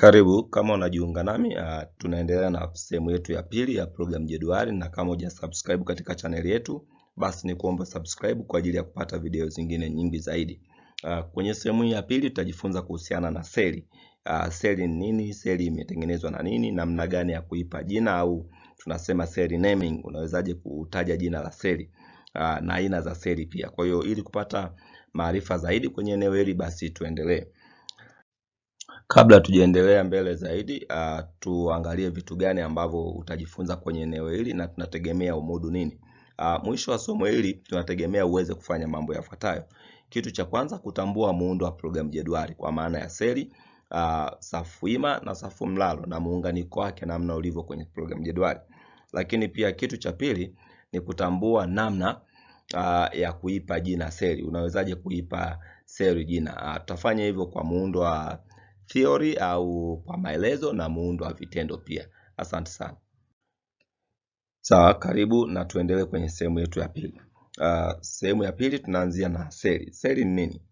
Karibu, kama unajiunga nami uh, tunaendelea na sehemu yetu ya pili ya program jedwali, na kama uja subscribe katika channel yetu, basi ni kuomba subscribe kwa ajili ya kupata video zingine nyingi zaidi. Uh, kwenye sehemu hii ya pili tutajifunza kuhusiana na seli. Uh, seli ni nini? Seli imetengenezwa na nini? Namna gani ya kuipa jina au tunasema seli naming, unawezaje kutaja jina la seli uh, na aina za seli pia. Kwa hiyo ili kupata maarifa zaidi kwenye eneo hili, basi tuendelee. Kabla tujaendelea mbele zaidi uh, tuangalie vitu gani ambavyo utajifunza kwenye eneo hili na tunategemea umudu nini. Uh, mwisho wa somo hili tunategemea uweze kufanya mambo yafuatayo. Kitu cha kwanza, kutambua muundo wa programu jedwali kwa maana ya seli, uh, safu wima na safu mlalo na muunganiko wake namna ulivyo kwenye programu jedwali. Lakini pia kitu cha pili ni kutambua namna uh, ya kuipa jina seli. Unawezaje kuipa seli jina? Uh, tutafanya hivyo kwa muundo wa uh, theory au kwa maelezo na muundo wa vitendo pia. Asante sana. Sawa, karibu na tuendelee kwenye sehemu yetu ya pili. Uh, sehemu ya pili tunaanzia na seli. Seli ni nini?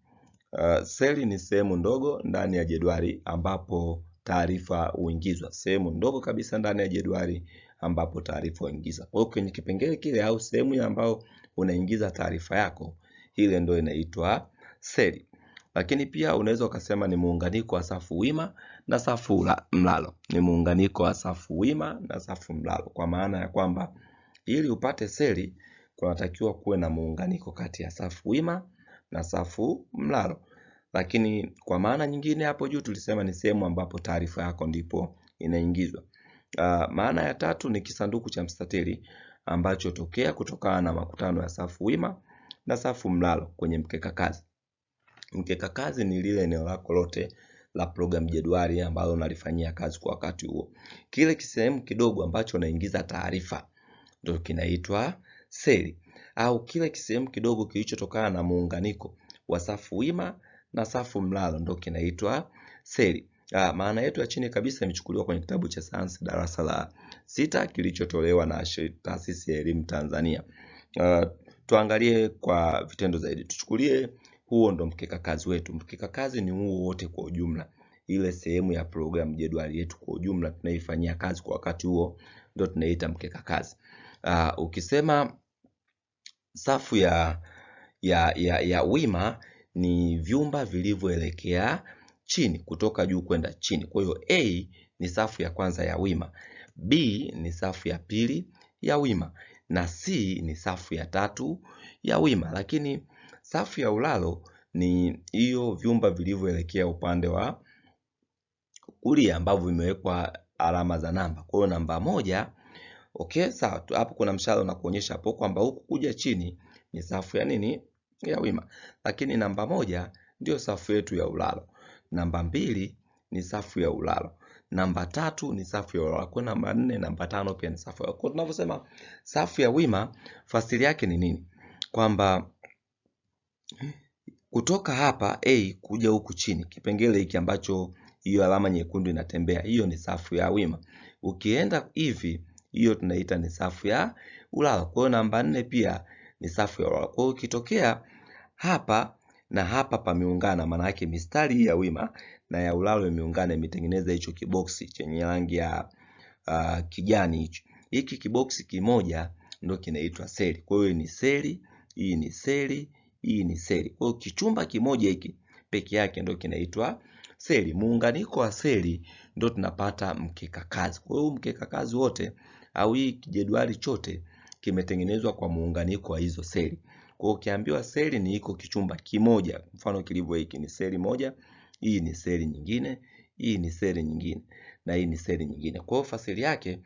Uh, seli ni sehemu ndogo ndani ya jedwali ambapo taarifa huingizwa, sehemu ndogo kabisa ndani ya jedwali ambapo taarifa huingizwa. Kwa hiyo kwenye kipengele kile au sehemu ambayo unaingiza taarifa yako, ile ndio inaitwa seli lakini pia unaweza ukasema ni muunganiko wa safu wima na safu la, mlalo. Ni muunganiko wa safu wima na safu mlalo, kwa maana ya kwamba ili upate seli kunatakiwa kuwe na muunganiko kati ya safu wima na safu mlalo. Lakini kwa maana nyingine, hapo juu tulisema ni sehemu ambapo taarifa yako ndipo inaingizwa. Uh, maana ya tatu ni kisanduku cha mstatili ambacho tokea kutokana na makutano ya safu wima na safu mlalo kwenye mkeka kazi. Mkeka kazi ni lile eneo lako lote la program jedwali ambalo unalifanyia kazi kwa wakati huo. Kile kisehemu kidogo ambacho unaingiza taarifa ndio kinaitwa seli au kile kisehemu kidogo kilichotokana na muunganiko wa safu wima na safu mlalo ndio kinaitwa seli. Ah, maana yetu ya chini kabisa imechukuliwa kwenye kitabu cha sayansi darasa la sita kilichotolewa na Taasisi ya Elimu Tanzania. Uh, tuangalie kwa vitendo zaidi. Tuchukulie huo ndo mkeka kazi wetu. Mkeka kazi ni huo wote kwa ujumla, ile sehemu ya program jedwali yetu kwa ujumla tunaifanyia kazi kwa wakati huo, ndo tunaita mkeka kazi. Uh, ah, ukisema safu ya, ya, ya, ya wima ni vyumba vilivyoelekea chini kutoka juu kwenda chini. Kwa hiyo A ni safu ya kwanza ya wima, B ni safu ya pili ya wima na C ni safu ya tatu ya wima. Lakini Safu ya ulalo ni hiyo vyumba vilivyoelekea upande wa kulia ambavyo vimewekwa alama za namba. Kwa hiyo namba moja, okay, sawa. Hapo kuna mshale unakuonyesha hapo kwamba huku kuja chini ni safu ya nini? Ya wima. Lakini namba moja ndio safu yetu ya ulalo. Namba mbili ni safu ya ulalo. Namba tatu ni safu ya ulalo. Kwa namba nne, namba tano pia ni safu ya ulalo. Kwa tunavyosema safu ya wima, fasili yake ni nini? Kwamba kutoka hapa A kuja huku chini, kipengele hiki ambacho hiyo alama nyekundu inatembea, hiyo ni safu ya wima. Ukienda hivi, hiyo tunaita ni safu ya ulalo. Kwa hiyo namba nne pia ni safu ya ulalo. Kwa hiyo ukitokea hapa na hapa pameungana, maana yake mistari hii ya wima na ya ulalo imeungana, imetengeneza hicho kiboksi chenye rangi ya uh, kijani. Hicho hiki kiboksi kimoja ndo kinaitwa seli. Kwa hiyo ni seli, hii ni seli, hii ni seli. Kwa kichumba kimoja hiki peke yake ndio kinaitwa seli. Muunganiko wa seli ndio tunapata mkeka kazi. Kwa hiyo mkeka kazi wote au hii kijedwali chote kimetengenezwa kwa muunganiko wa hizo seli. Kwa hiyo ukiambiwa seli ni iko kichumba kimoja, mfano kilivyo hiki ni seli moja, hii ni seli nyingine, hii ni seli nyingine na hii ni seli nyingine. Kwa hiyo fasili yake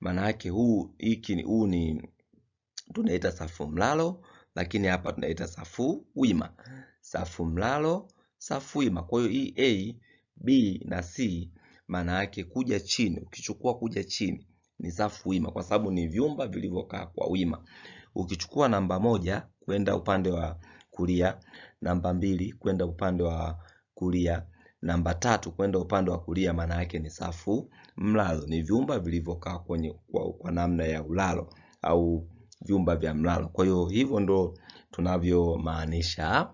maana yake huu hiki huu ni tunaita safu mlalo lakini hapa tunaita safu wima, safu mlalo, safu wima. Kwa hiyo hii A, B na C maana yake kuja chini, ukichukua kuja chini ni safu wima, kwa sababu ni vyumba vilivyokaa kwa wima. Ukichukua namba moja kwenda upande wa kulia, namba mbili kwenda upande wa kulia, namba tatu kwenda upande wa kulia, maana yake ni safu mlalo, ni vyumba vilivyokaa kwenye kwa, kwa namna ya ulalo au vyumba vya mlalo. Kwa hiyo hivyo ndo tunavyomaanisha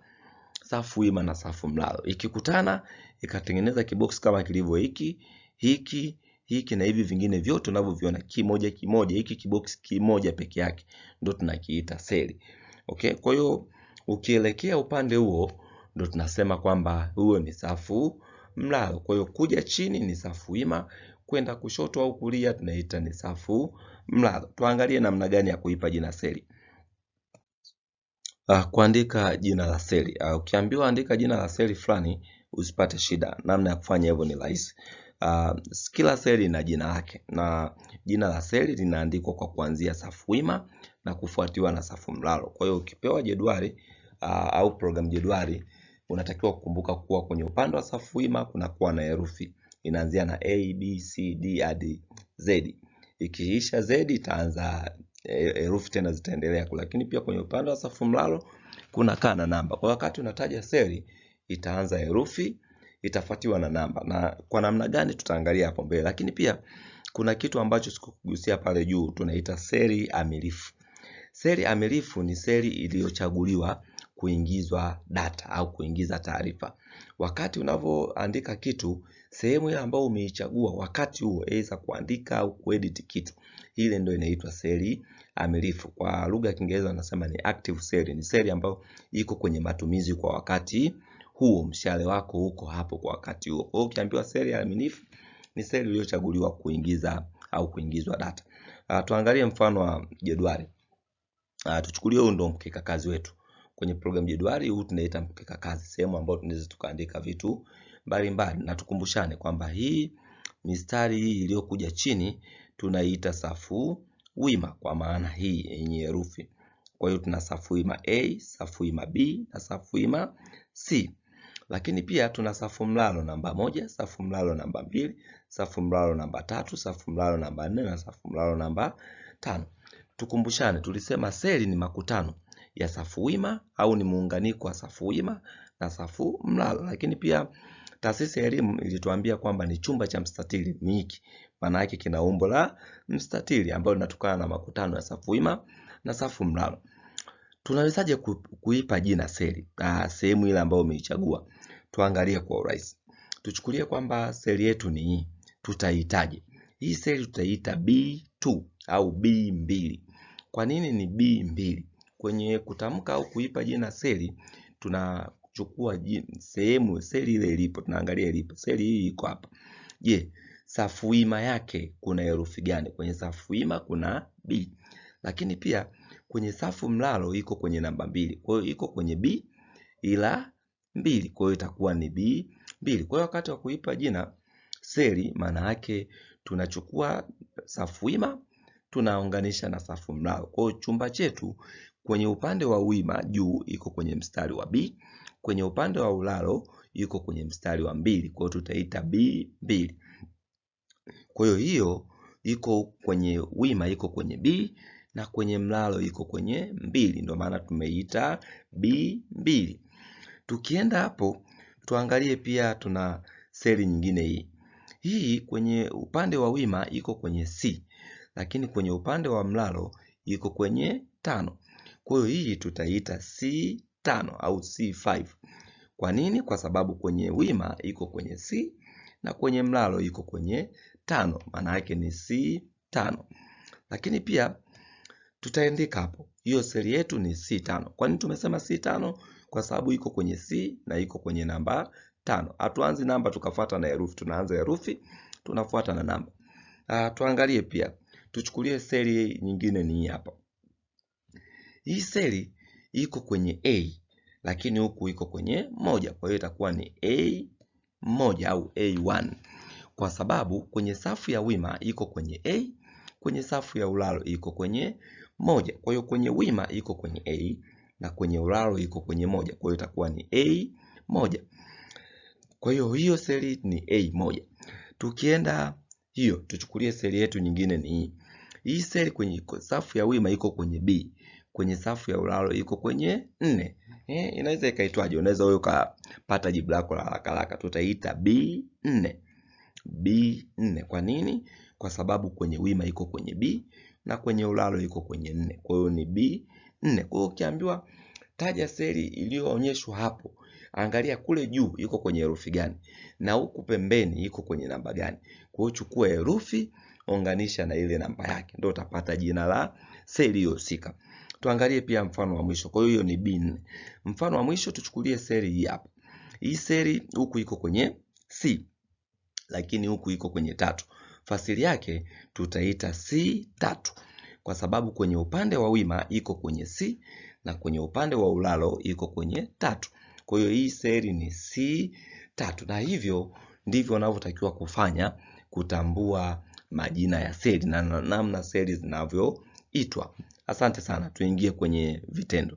safu wima na safu mlalo. Ikikutana ikatengeneza kibox kama kilivyo hiki, hiki, hiki na hivi vingine vyote unavyoviona kimoja kimoja, hiki kibox kimoja peke yake ndo tunakiita seli. Okay, kwa hiyo ukielekea upande huo ndo tunasema kwamba huo ni safu mlalo. Kwa hiyo kuja chini ni safu wima, kwenda kushoto au kulia tunaita ni safu mlazo. Tuangalie namna gani ya kuipa jina seli. Uh, kuandika jina la seli. Uh, ukiambiwa andika jina la seli fulani usipate shida. Namna ya kufanya hivyo ni rahisi. Uh, kila seli ina jina lake na jina la seli linaandikwa kwa kuanzia safu wima na kufuatiwa na safu mlalo. Kwa hiyo ukipewa jedwali uh, au program jedwali unatakiwa kukumbuka kuwa kwenye upande wa safu wima kuna kuwa na herufi inaanzia na A, B, C, D hadi Z. Ikiisha Z itaanza e, herufi e, tena zitaendelea ku, lakini pia kwenye upande wa safu mlalo kuna kaa na namba. Kwa wakati unataja seli itaanza herufi itafuatiwa na namba, na kwa namna gani tutaangalia hapo mbele, lakini pia kuna kitu ambacho sikugusia pale juu, tunaita seli amilifu. Seli amilifu ni seli iliyochaguliwa kuingizwa data au kuingiza taarifa. Wakati unavyoandika kitu, sehemu ile ambayo umeichagua wakati huo, aidha kuandika au kuedit kitu, ile ndio inaitwa seli amilifu. Kwa lugha ya Kiingereza wanasema ni active seli. Ni seli ambayo iko kwenye matumizi kwa wakati huo, mshale wako huko hapo kwa wakati huo. Kwa hiyo ukiambiwa seli amilifu ni seli iliyochaguliwa kuingiza au kuingizwa data. Uh, tuangalie mfano wa jedwali. Uh, tuchukulie huu ndio mkeka kazi wetu. Kwenye programu jedwali huu tunaita mkeka kazi, sehemu ambayo tunaweza tukaandika vitu mbalimbali, mbali. na tukumbushane kwamba hii mistari hii iliyokuja chini tunaiita safu wima, kwa maana hii yenye herufi. Kwa hiyo tuna safu wima A, safu wima B na safu wima C. Lakini pia tuna safu mlalo namba moja, safu mlalo namba mbili, safu mlalo namba tatu, safu mlalo namba nne na safu mlalo namba tano. Tukumbushane tulisema seli ni makutano ya safu wima au ni muunganiko wa safu wima na safu mlalo. Lakini pia taasisi ya elimu ilituambia kwamba ni chumba cha mstatili ni hiki, maana yake kina umbo la mstatili ambalo linatokana na makutano ya safu wima na safu mlalo. Tunawezaje kuipa jina seli ah, sehemu ile ambayo umeichagua? Tuangalie kwa urahisi, tuchukulie kwamba seli yetu ni hii, tutahitaji hii seli tutaiita B2 au B2. Kwa nini ni B2? kwenye kutamka au kuipa jina seli tunachukua sehemu seli ile ilipo, tunaangalia ilipo. Seli hii iko hapa. Je, safuima yake kuna herufi gani? Kwenye safuima kuna B. Lakini pia kwenye safu mlalo iko kwenye namba mbili, kwa hiyo iko kwenye B ila mbili, kwa hiyo itakuwa ni B mbili. Kwa hiyo wakati wa kuipa jina seli, maana yake tunachukua safuima tunaunganisha na safu mlalo. Kwa hiyo chumba chetu Kwenye upande wa wima juu iko kwenye mstari wa B, kwenye upande wa ulalo iko kwenye mstari wa mbili, kwa hiyo tutaita B mbili. Kwa hiyo hiyo iko kwenye wima iko kwenye B na kwenye mlalo iko kwenye mbili, ndio maana tumeita B mbili. Tukienda hapo tuangalie pia tuna seli nyingine hii hii kwenye upande wa wima iko kwenye C, lakini kwenye upande wa mlalo iko kwenye tano. Kwa hiyo hii tutaita C5 au C5. Kwa nini? Kwa sababu kwenye wima iko kwenye C na kwenye mlalo iko kwenye tano, maana yake ni C5. Lakini pia tutaandika hapo hiyo seli yetu ni C5. Kwa nini tumesema C5? Kwa sababu iko kwenye C na iko kwenye namba tano. Hatuanzi namba tukafuata na herufi, tunaanza herufi tunafuata na namba. Uh, tuangalie pia tuchukulie seli nyingine ni hapa hii seli iko kwenye A lakini huku iko kwenye moja, kwa hiyo itakuwa ni a moja au A1 kwa sababu kwenye safu ya wima iko kwenye A, kwenye safu ya ulalo iko kwenye moja. Kwa hiyo kwenye wima iko kwenye A na kwenye ulalo iko kwenye moja, kwa hiyo itakuwa ni a moja. Kwa hiyo hiyo seli ni a moja. Tukienda hiyo, tuchukulie seli yetu nyingine ni hii. Hii seli kwenye safu ya wima iko kwenye B kwenye safu ya ulalo iko kwenye nne. Eh, inaweza ikaitwaje? Unaweza wewe ukapata jibu lako la haraka haraka, tutaita B4. B4. Kwa nini? Kwa sababu kwenye wima iko kwenye B na kwenye ulalo iko kwenye nne. Kwa hiyo ni B4. Kwa hiyo ukiambiwa taja seli iliyoonyeshwa hapo, angalia kule juu iko kwenye herufi gani na huku pembeni iko kwenye namba gani. Kwa hiyo chukua herufi unganisha na ile namba yake, ndio utapata jina la seli hiyo husika tuangalie pia mfano wa mwisho. Kwa hiyo hiyo ni B4. Mfano wa mwisho tuchukulie seli hii hapa. Hii seli huku iko kwenye C lakini huku iko kwenye tatu. Fasili yake tutaita C tatu kwa sababu kwenye upande wa wima iko kwenye C na kwenye upande wa ulalo iko kwenye tatu. Kwa hiyo hii seli ni C tatu, na hivyo ndivyo wanavyotakiwa kufanya kutambua majina ya seli na namna seli zinavyoitwa. Asante sana, tuingie kwenye vitendo.